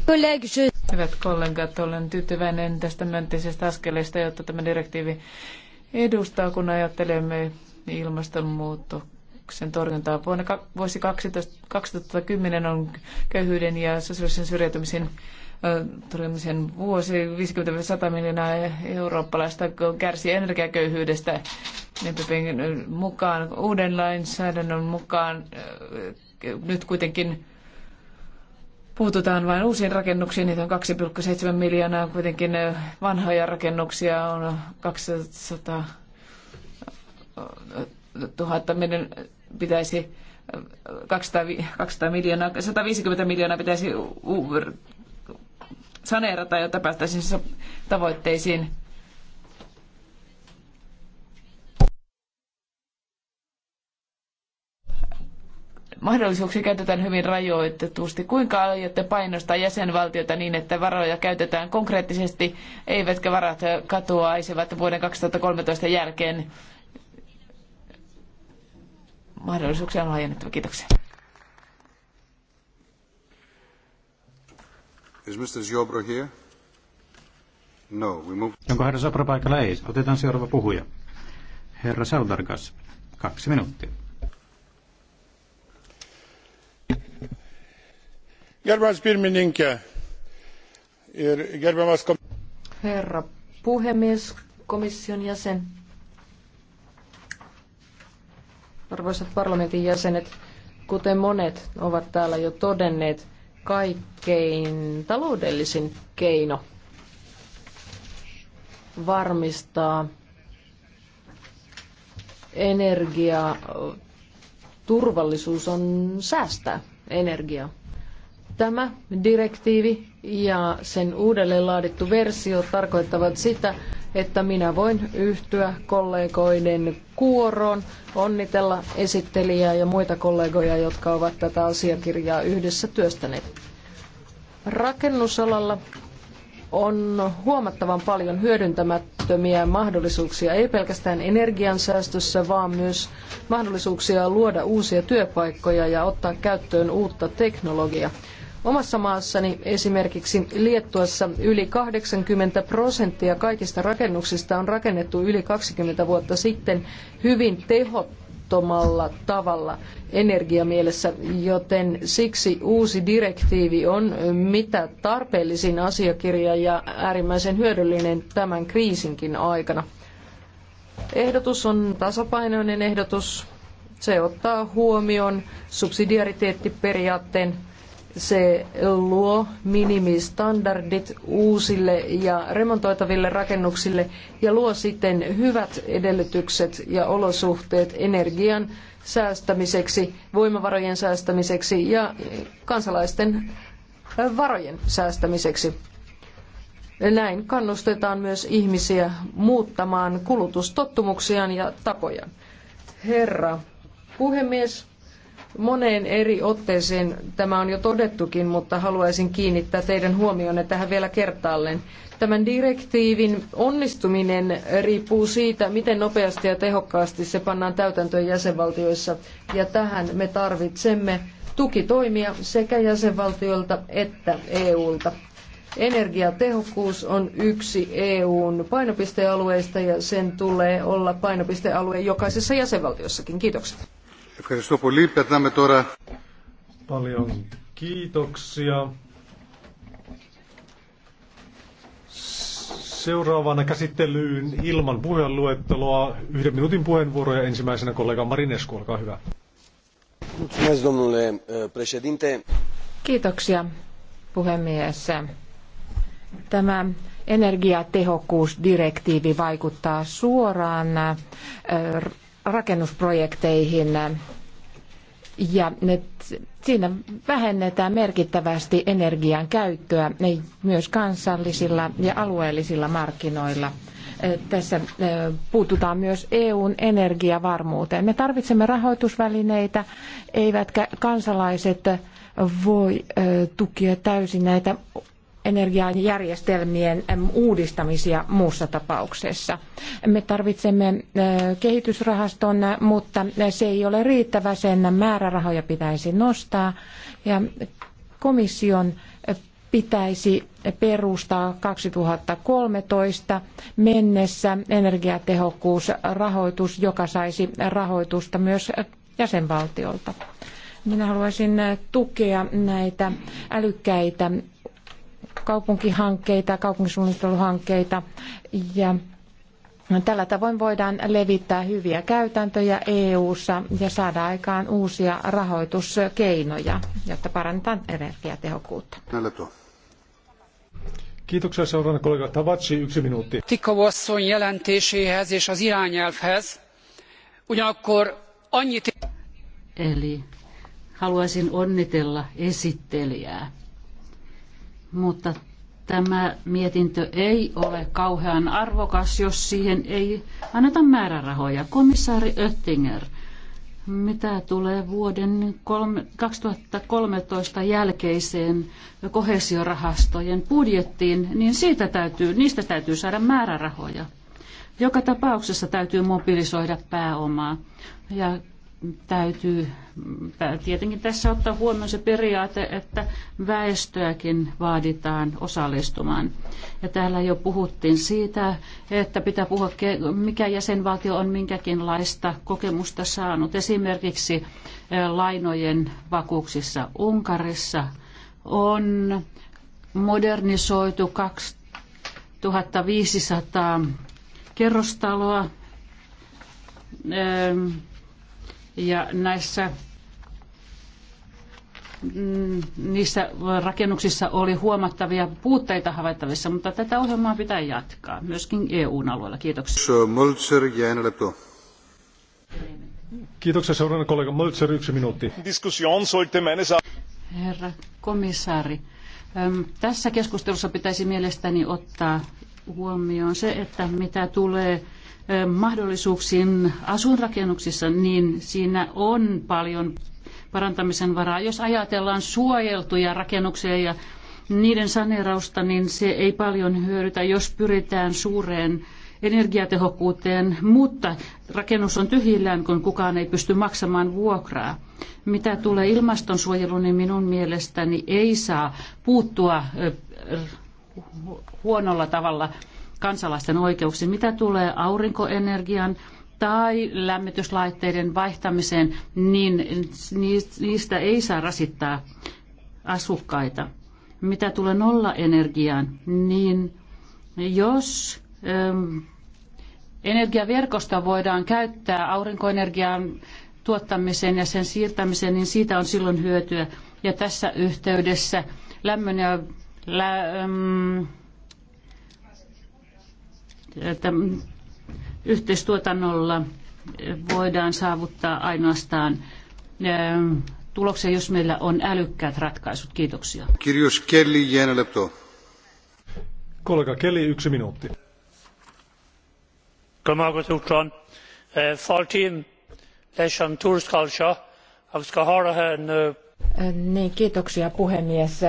Hyvät kollegat, olen tyytyväinen tästä myönteisestä askeleesta, jotta tämä direktiivi edustaa, kun ajattelemme ilmastonmuutosta köyhyyden torjuntaa. Vuonna vuosi 12, 2010 on köyhyyden ja sosiaalisen syrjäytymisen torjumisen vuosi. 50-100 miljoonaa eurooppalaista kärsii energiaköyhyydestä. NPPn mukaan uuden lainsäädännön mukaan nyt kuitenkin puututaan vain uusiin rakennuksiin, niitä on 2,7 miljoonaa, kuitenkin vanhoja rakennuksia on 200 000 pitäisi 200, äh, 200 miljoonaa, 150 miljoonaa pitäisi saneerata, jotta päästäisiin tavoitteisiin. Mahdollisuuksia käytetään hyvin rajoitetusti. Kuinka aiotte painostaa jäsenvaltiota niin, että varoja käytetään konkreettisesti, eivätkä varat katoaisivat vuoden 2013 jälkeen? mahdollisuuksia on laajennettava. Kiitoksia. Is Mr. here? No, we move... Onko herra Sopra paikalla? Ei. Otetaan seuraava puhuja. Herra Saudargas, kaksi minuuttia. ir Herra puhemies, komission jäsen, Arvoisat parlamentin jäsenet, kuten monet ovat täällä jo todenneet, kaikkein taloudellisin keino varmistaa energia turvallisuus on säästää energiaa. Tämä direktiivi ja sen uudelleen laadittu versio tarkoittavat sitä, että minä voin yhtyä kollegoiden kuoroon, onnitella esittelijää ja muita kollegoja, jotka ovat tätä asiakirjaa yhdessä työstäneet. Rakennusalalla on huomattavan paljon hyödyntämättömiä mahdollisuuksia, ei pelkästään energiansäästössä, vaan myös mahdollisuuksia luoda uusia työpaikkoja ja ottaa käyttöön uutta teknologiaa. Omassa maassani esimerkiksi Liettuassa yli 80 prosenttia kaikista rakennuksista on rakennettu yli 20 vuotta sitten hyvin tehottomalla tavalla energiamielessä, joten siksi uusi direktiivi on mitä tarpeellisin asiakirja ja äärimmäisen hyödyllinen tämän kriisinkin aikana. Ehdotus on tasapainoinen ehdotus. Se ottaa huomioon subsidiariteettiperiaatteen se luo minimistandardit uusille ja remontoitaville rakennuksille ja luo sitten hyvät edellytykset ja olosuhteet energian säästämiseksi, voimavarojen säästämiseksi ja kansalaisten varojen säästämiseksi. Näin kannustetaan myös ihmisiä muuttamaan kulutustottumuksiaan ja tapojaan. Herra puhemies, Moneen eri otteeseen tämä on jo todettukin, mutta haluaisin kiinnittää teidän huomionne tähän vielä kertaalleen. Tämän direktiivin onnistuminen riippuu siitä, miten nopeasti ja tehokkaasti se pannaan täytäntöön jäsenvaltioissa. Ja tähän me tarvitsemme tukitoimia sekä jäsenvaltioilta että EUlta. Energiatehokkuus on yksi EUn painopistealueista ja sen tulee olla painopistealue jokaisessa jäsenvaltiossakin. Kiitokset. Ευχαριστώ πολύ. Περνάμε τώρα. kiitoksia. Seuraavana käsittelyyn ilman puheenluetteloa yhden minuutin puheenvuoroja ensimmäisenä kollega Marinescu, olkaa hyvä. Eh, kiitoksia, puhemies. Tämä energiatehokkuusdirektiivi vaikuttaa suoraan eh, rakennusprojekteihin ja siinä vähennetään merkittävästi energian käyttöä myös kansallisilla ja alueellisilla markkinoilla. Eh, tässä eh, puututaan myös EUn energiavarmuuteen. Me tarvitsemme rahoitusvälineitä, eivätkä kansalaiset voi eh, tukea täysin näitä energiajärjestelmien uudistamisia muussa tapauksessa. Me tarvitsemme kehitysrahaston, mutta se ei ole riittävä, sen määrärahoja pitäisi nostaa ja komission pitäisi perustaa 2013 mennessä energiatehokkuusrahoitus, joka saisi rahoitusta myös jäsenvaltiolta. Minä haluaisin tukea näitä älykkäitä kaupunkihankkeita, kaupunkisuunnitteluhankkeita ja Tällä tavoin voidaan levittää hyviä käytäntöjä EU-ssa ja saada aikaan uusia rahoituskeinoja, jotta parannetaan energiatehokkuutta. Kiitoksia seuraavana kollega Tavatsi yksi minuutti. Tikau asszony jelentéséhez és az irányelvhez, ugyanakkor annyit... Eli haluaisin onnitella esittelijää mutta tämä mietintö ei ole kauhean arvokas, jos siihen ei anneta määrärahoja. Komissaari Oettinger, mitä tulee vuoden 2013 jälkeiseen kohesiorahastojen budjettiin, niin siitä täytyy, niistä täytyy saada määrärahoja. Joka tapauksessa täytyy mobilisoida pääomaa. Ja täytyy mm, tietenkin tässä ottaa huomioon se periaate, että väestöäkin vaaditaan osallistumaan. Ja täällä jo puhuttiin siitä, että pitää puhua, mikä jäsenvaltio on minkäkinlaista kokemusta saanut. Esimerkiksi eh, lainojen vakuuksissa Unkarissa on modernisoitu 2500 kerrostaloa eh, ja näissä mm, niissä rakennuksissa oli huomattavia puutteita havaittavissa, mutta tätä ohjelmaa pitää jatkaa myöskin EU-alueella. Kiitoksia. Kiitoksia seuraavana kollega Mölzer, yksi minuutti. Herra komissaari, tässä keskustelussa pitäisi mielestäni ottaa huomioon se, että mitä tulee mahdollisuuksiin asuinrakennuksissa, niin siinä on paljon parantamisen varaa. Jos ajatellaan suojeltuja rakennuksia ja niiden saneerausta, niin se ei paljon hyödytä, jos pyritään suureen energiatehokkuuteen, mutta rakennus on tyhjillään, kun kukaan ei pysty maksamaan vuokraa. Mitä tulee ilmastonsuojeluun, niin minun mielestäni ei saa puuttua huonolla tavalla kansalaisten oikeuksiin. Mitä tulee aurinkoenergian tai lämmityslaitteiden vaihtamiseen, niin niistä ei saa rasittaa asukkaita. Mitä tulee nollaenergiaan, niin jos ähm, energiaverkosta voidaan käyttää aurinkoenergian tuottamiseen ja sen siirtämiseen, niin siitä on silloin hyötyä. Ja tässä yhteydessä lämmön ja yhteistuotannolla voidaan saavuttaa ainoastaan tuloksia, jos meillä on älykkäät ratkaisut. Kiitoksia. Kirjus Kelly, lepto. Kollega Kelly, yksi minuutti. Äh, äh, niin, kiitoksia puhemies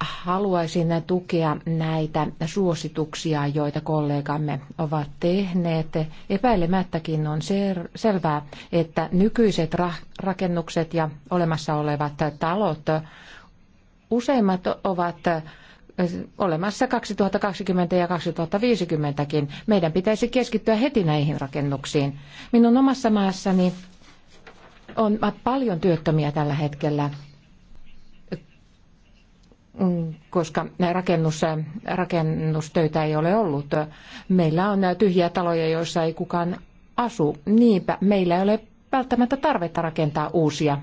haluaisin tukea näitä suosituksia, joita kollegamme ovat tehneet. Epäilemättäkin on selvää, että nykyiset rakennukset ja olemassa olevat talot, useimmat ovat olemassa 2020 ja 2050kin. Meidän pitäisi keskittyä heti näihin rakennuksiin. Minun omassa maassani on paljon työttömiä tällä hetkellä koska rakennus, rakennustöitä ei ole ollut. Meillä on tyhjiä taloja, joissa ei kukaan asu. Niinpä meillä ei ole välttämättä tarvetta rakentaa uusia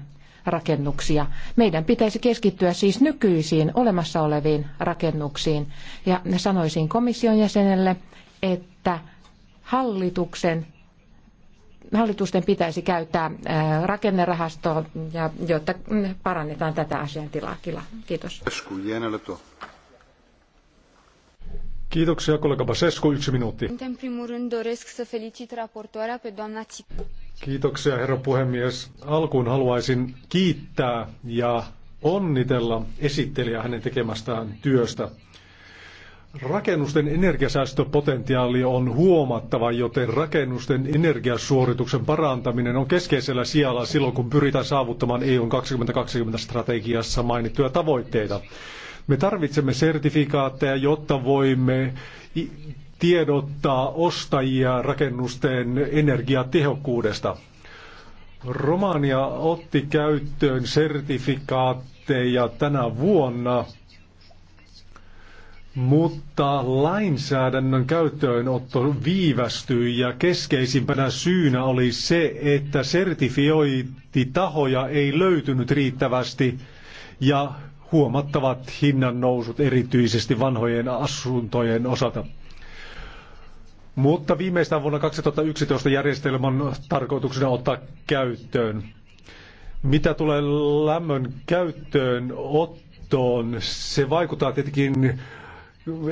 rakennuksia. Meidän pitäisi keskittyä siis nykyisiin olemassa oleviin rakennuksiin. Ja sanoisin komission jäsenelle, että hallituksen hallitusten pitäisi käyttää rakennerahastoa, ja, jotta parannetaan tätä asian tilaa. Kiitos. Kiitoksia kollega Basescu, yksi minuutti. felicit Kiitoksia herra puhemies. Alkuun haluaisin kiittää ja onnitella esittelijää hänen tekemästään työstä. Rakennusten energiasäästöpotentiaali on huomattava, joten rakennusten energiasuorituksen parantaminen on keskeisellä sijalla silloin, kun pyritään saavuttamaan EUn 2020-strategiassa mainittuja tavoitteita. Me tarvitsemme sertifikaatteja, jotta voimme tiedottaa ostajia rakennusten energiatehokkuudesta. Romania otti käyttöön sertifikaatteja tänä vuonna mutta lainsäädännön käyttöönotto viivästyi ja keskeisimpänä syynä oli se, että sertifiointitahoja ei löytynyt riittävästi ja huomattavat hinnan nousut erityisesti vanhojen asuntojen osalta. Mutta viimeistään vuonna 2011 järjestelmän tarkoituksena ottaa käyttöön. Mitä tulee lämmön käyttöön ottoon, se vaikuttaa tietenkin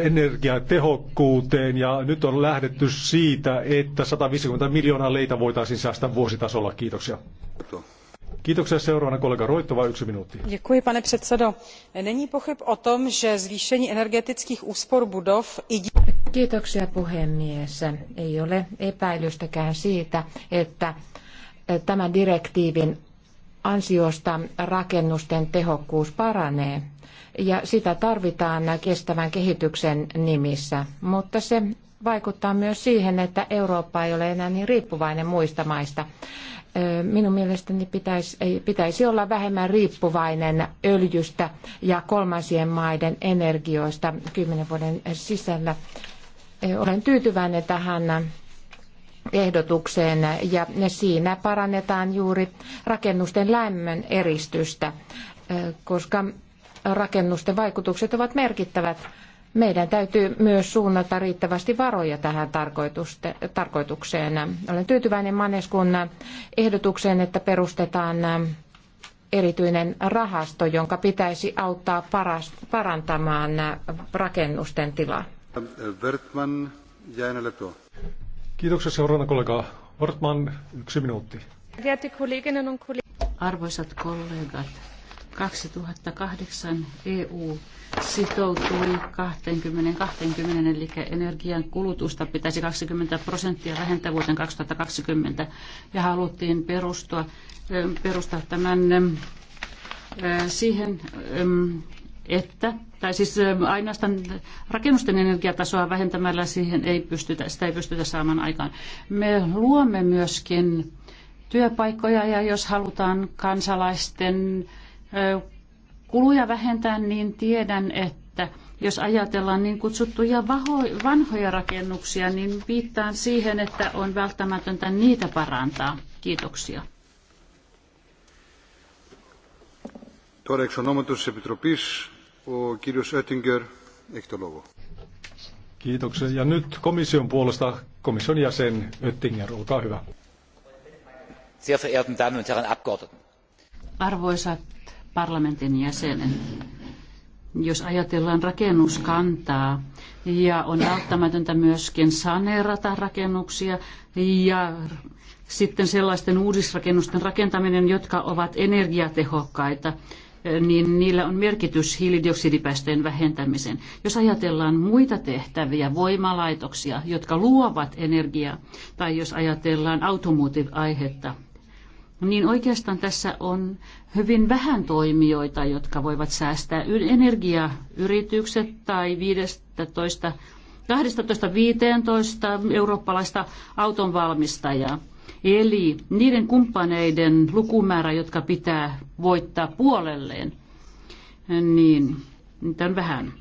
energiatehokkuuteen ja nyt on lähdetty siitä, että 150 miljoonaa leitä voitaisiin säästää vuositasolla. Kiitoksia. Kiitoksia seuraavana kollega Roittova, yksi minuutti. Děkuji, pane předsedo. Není pochyb o tom, že zvýšení energetických úspor budov i... Kiitoksia puhemies. Ei ole epäilystäkään siitä, että eh, tämän direktiivin ansiosta rakennusten tehokkuus paranee ja sitä tarvitaan kestävän kehityksen nimissä, mutta se vaikuttaa myös siihen, että Eurooppa ei ole enää niin riippuvainen muista maista. Minun mielestäni pitäisi, pitäisi olla vähemmän riippuvainen öljystä ja kolmansien maiden energioista kymmenen vuoden sisällä. Olen tyytyväinen tähän ehdotukseen ja siinä parannetaan juuri rakennusten lämmön eristystä, koska rakennusten vaikutukset ovat merkittävät. Meidän täytyy myös suunnata riittävästi varoja tähän tarkoitukseen. Olen tyytyväinen Maneskun ehdotukseen, että perustetaan erityinen rahasto, jonka pitäisi auttaa parantamaan rakennusten tilaa. Wertman, Kiitoksia seuraavana kollega yksi minuutti. Arvoisat kollegat, 2008 EU sitoutui 20-20, eli energian kulutusta pitäisi 20 prosenttia vähentää vuoteen 2020, ja haluttiin perustua, ähm, perustaa tämän ähm, äh, siihen, ähm, että, tai siis ainoastaan rakennusten energiatasoa vähentämällä siihen ei pystytä, sitä ei pystytä saamaan aikaan. Me luomme myöskin työpaikkoja ja jos halutaan kansalaisten kuluja vähentää, niin tiedän, että jos ajatellaan niin kutsuttuja vanhoja rakennuksia, niin viittaan siihen, että on välttämätöntä niitä parantaa. Kiitoksia. Kiitoksia. Ja nyt komission puolesta komission jäsen Oettinger, olkaa hyvä. Sehr Arvoisat parlamentin jäsenen. Jos ajatellaan rakennuskantaa ja on välttämätöntä myöskin saneerata rakennuksia ja sitten sellaisten uudisrakennusten rakentaminen, jotka ovat energiatehokkaita, niin niillä on merkitys hiilidioksidipäästöjen vähentämiseen. Jos ajatellaan muita tehtäviä, voimalaitoksia, jotka luovat energiaa, tai jos ajatellaan automotive-aihetta, niin oikeastaan tässä on hyvin vähän toimijoita, jotka voivat säästää energiayritykset tai 15 12-15 eurooppalaista autonvalmistajaa. Eli niiden kumppaneiden lukumäärä, jotka pitää voittaa puolelleen, niin niitä on vähän.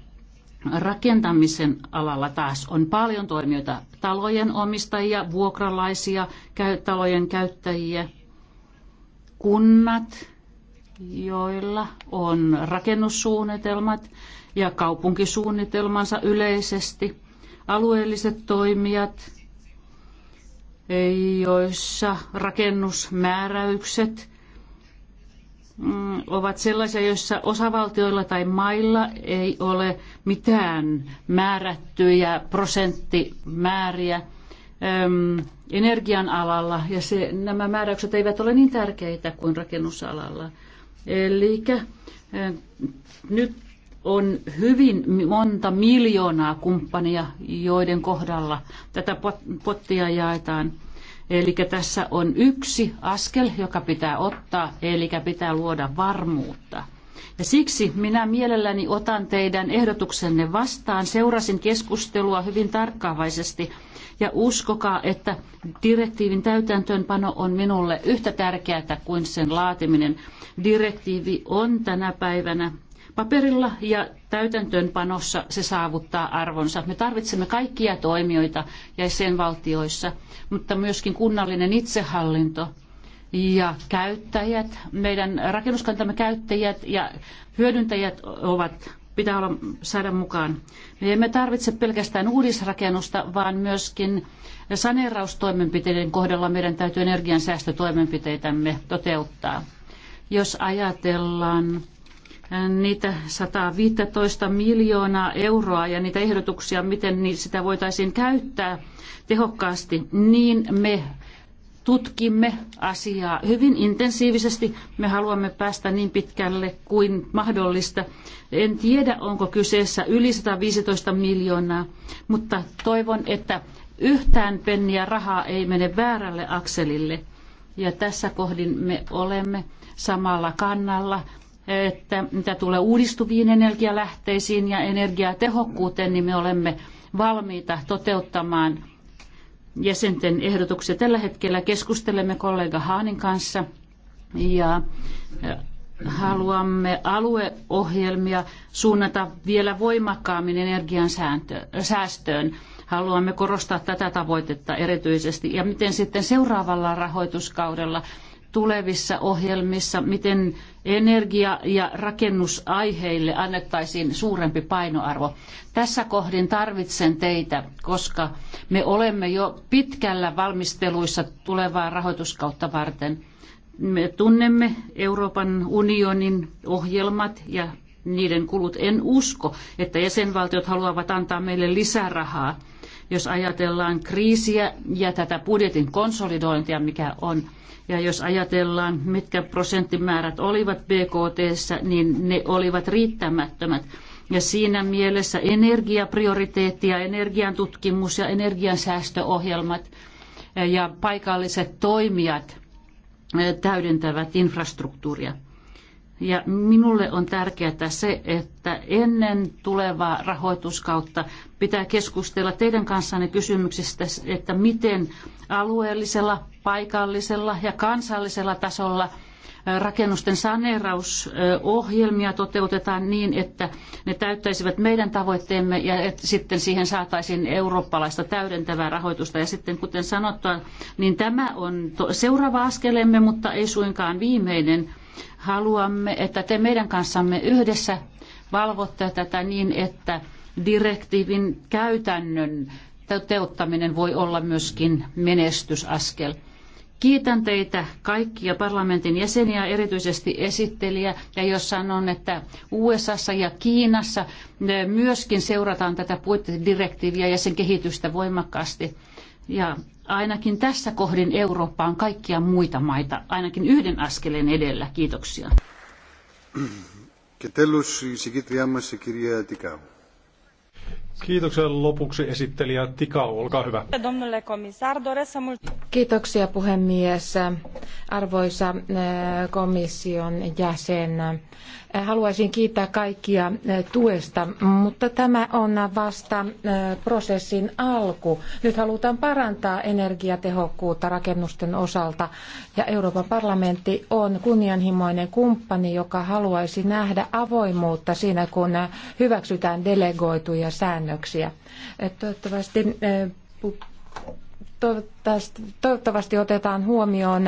Rakentamisen alalla taas on paljon toimijoita, talojen omistajia, vuokralaisia, talojen käyttäjiä – kunnat, joilla on rakennussuunnitelmat ja kaupunkisuunnitelmansa yleisesti, alueelliset toimijat, joissa rakennusmääräykset mm, ovat sellaisia, joissa osavaltioilla tai mailla ei ole mitään määrättyjä prosenttimääriä – energian alalla ja se, nämä määräykset eivät ole niin tärkeitä kuin rakennusalalla. Eli nyt on hyvin monta miljoonaa kumppania, joiden kohdalla tätä pottia jaetaan. Eli tässä on yksi askel, joka pitää ottaa, eli pitää luoda varmuutta. Ja siksi minä mielelläni otan teidän ehdotuksenne vastaan. Seurasin keskustelua hyvin tarkkaavaisesti ja uskokaa, että direktiivin täytäntöönpano on minulle yhtä tärkeää kuin sen laatiminen. Direktiivi on tänä päivänä paperilla ja täytäntöönpanossa se saavuttaa arvonsa. Me tarvitsemme kaikkia toimijoita ja sen valtioissa, mutta myöskin kunnallinen itsehallinto ja käyttäjät, meidän rakennuskantamme käyttäjät ja hyödyntäjät ovat pitää olla, saada mukaan. Me emme tarvitse pelkästään uudisrakennusta, vaan myöskin saneeraustoimenpiteiden kohdalla meidän täytyy energiansäästötoimenpiteitämme toteuttaa. Jos ajatellaan niitä 115 miljoonaa euroa ja niitä ehdotuksia, miten sitä voitaisiin käyttää tehokkaasti, niin me tutkimme asiaa hyvin intensiivisesti. Me haluamme päästä niin pitkälle kuin mahdollista. En tiedä, onko kyseessä yli 115 miljoonaa, mutta toivon, että yhtään penniä rahaa ei mene väärälle akselille. Ja tässä kohdin me olemme samalla kannalla, että mitä tulee uudistuviin energialähteisiin ja energiatehokkuuteen, niin me olemme valmiita toteuttamaan – jäsenten ehdotuksia. Tällä hetkellä keskustelemme kollega Haanin kanssa ja haluamme alueohjelmia suunnata vielä voimakkaammin energian säästöön. Haluamme korostaa tätä tavoitetta erityisesti. Ja miten sitten seuraavalla rahoituskaudella tulevissa ohjelmissa, miten energia- ja rakennusaiheille annettaisiin suurempi painoarvo. Tässä kohdin tarvitsen teitä, koska me olemme jo pitkällä valmisteluissa tulevaa rahoituskautta varten. Me tunnemme Euroopan unionin ohjelmat ja niiden kulut. En usko, että jäsenvaltiot haluavat antaa meille lisärahaa, jos ajatellaan kriisiä ja tätä budjetin konsolidointia, mikä on – ja jos ajatellaan, mitkä prosenttimäärät olivat BKTssä, niin ne olivat riittämättömät. Ja siinä mielessä energiaprioriteetti ja energian tutkimus ja energiansäästöohjelmat ja paikalliset toimijat täydentävät infrastruktuuria. Ja minulle on tärkeää se, että ennen tulevaa rahoituskautta pitää keskustella teidän kanssanne kysymyksistä, että miten alueellisella, paikallisella ja kansallisella tasolla rakennusten saneerausohjelmia toteutetaan niin, että ne täyttäisivät meidän tavoitteemme ja että sitten siihen saataisiin eurooppalaista täydentävää rahoitusta. Ja sitten kuten sanottua, niin tämä on seuraava askelemme, mutta ei suinkaan viimeinen Haluamme, että te meidän kanssamme yhdessä valvotte tätä niin, että direktiivin käytännön toteuttaminen voi olla myöskin menestysaskel. Kiitän teitä kaikkia parlamentin jäseniä, erityisesti esittelijä, ja jos sanon, että USA ja Kiinassa myöskin seurataan tätä puitedirektiiviä ja sen kehitystä voimakkaasti. Ja ainakin tässä kohdin Eurooppa on kaikkia muita maita ainakin yhden askeleen edellä. Kiitoksia. Kiitoksia lopuksi esittelijä Tikau, olkaa hyvä. Kiitoksia puhemies. Arvoisa eh, komission jäsen, eh, haluaisin kiittää kaikkia eh, tuesta, mutta tämä on vasta prosessin alku. Nyt halutaan parantaa energiatehokkuutta rakennusten osalta ja Euroopan parlamentti on kunnianhimoinen kumppani, joka haluaisi nähdä avoimuutta siinä, kun hyväksytään delegoituja sääntöjä säännöksiä. Toivottavasti Toivottavasti, toivottavasti otetaan huomioon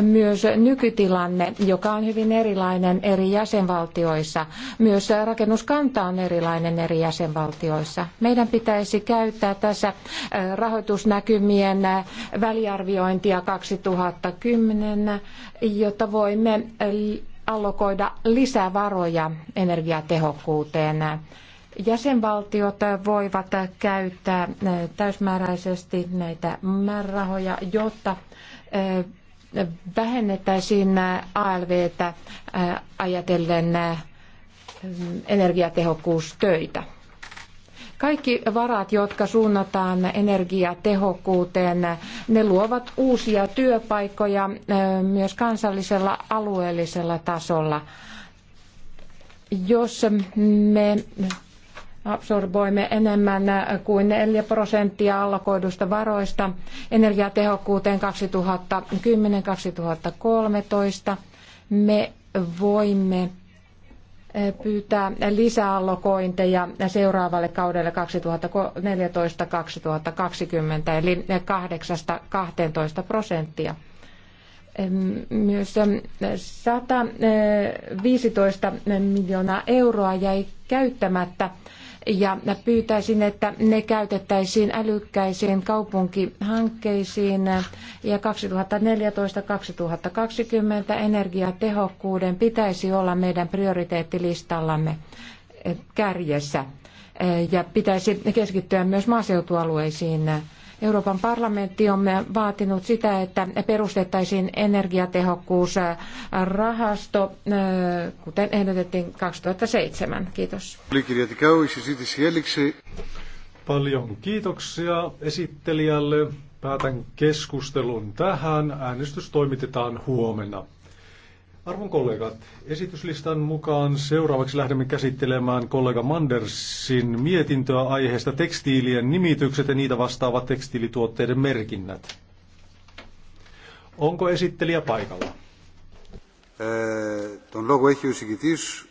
myös nykytilanne, joka on hyvin erilainen eri jäsenvaltioissa. Myös rakennuskanta on erilainen eri jäsenvaltioissa. Meidän pitäisi käyttää tässä rahoitusnäkymien väliarviointia 2010, jotta voimme allokoida lisävaroja energiatehokkuuteen jäsenvaltiot voivat käyttää täysmääräisesti näitä määrärahoja, jotta vähennettäisiin ALVtä ajatellen energiatehokkuustöitä. Kaikki varat, jotka suunnataan energiatehokkuuteen, ne luovat uusia työpaikkoja myös kansallisella alueellisella tasolla. Jos me absorboimme enemmän kuin 4 prosenttia allokoidusta varoista energiatehokkuuteen 2010-2013. Me voimme eh, pyytää lisäallokointeja seuraavalle kaudelle 2014-2020, eli 8-12 prosenttia. Myös 115 eh, miljoonaa euroa jäi käyttämättä ja pyytäisin, että ne käytettäisiin älykkäisiin kaupunkihankkeisiin ja 2014-2020 energiatehokkuuden pitäisi olla meidän prioriteettilistallamme eh, kärjessä eh, ja pitäisi keskittyä myös maaseutualueisiin Euroopan parlamentti on vaatinut sitä, että perustettaisiin energiatehokkuusrahasto, äh, kuten ehdotettiin 2007. Kiitos. Paljon kiitoksia esittelijälle. Päätän keskustelun tähän. Äänestys toimitetaan huomenna. Arvon kollegat, esityslistan mukaan seuraavaksi lähdemme käsittelemään kollega Mandersin mietintöä aiheesta tekstiilien nimitykset ja niitä vastaavat tekstiilituotteiden merkinnät. Onko esittelijä paikalla? Τον λόγο έχει ο συγκητής,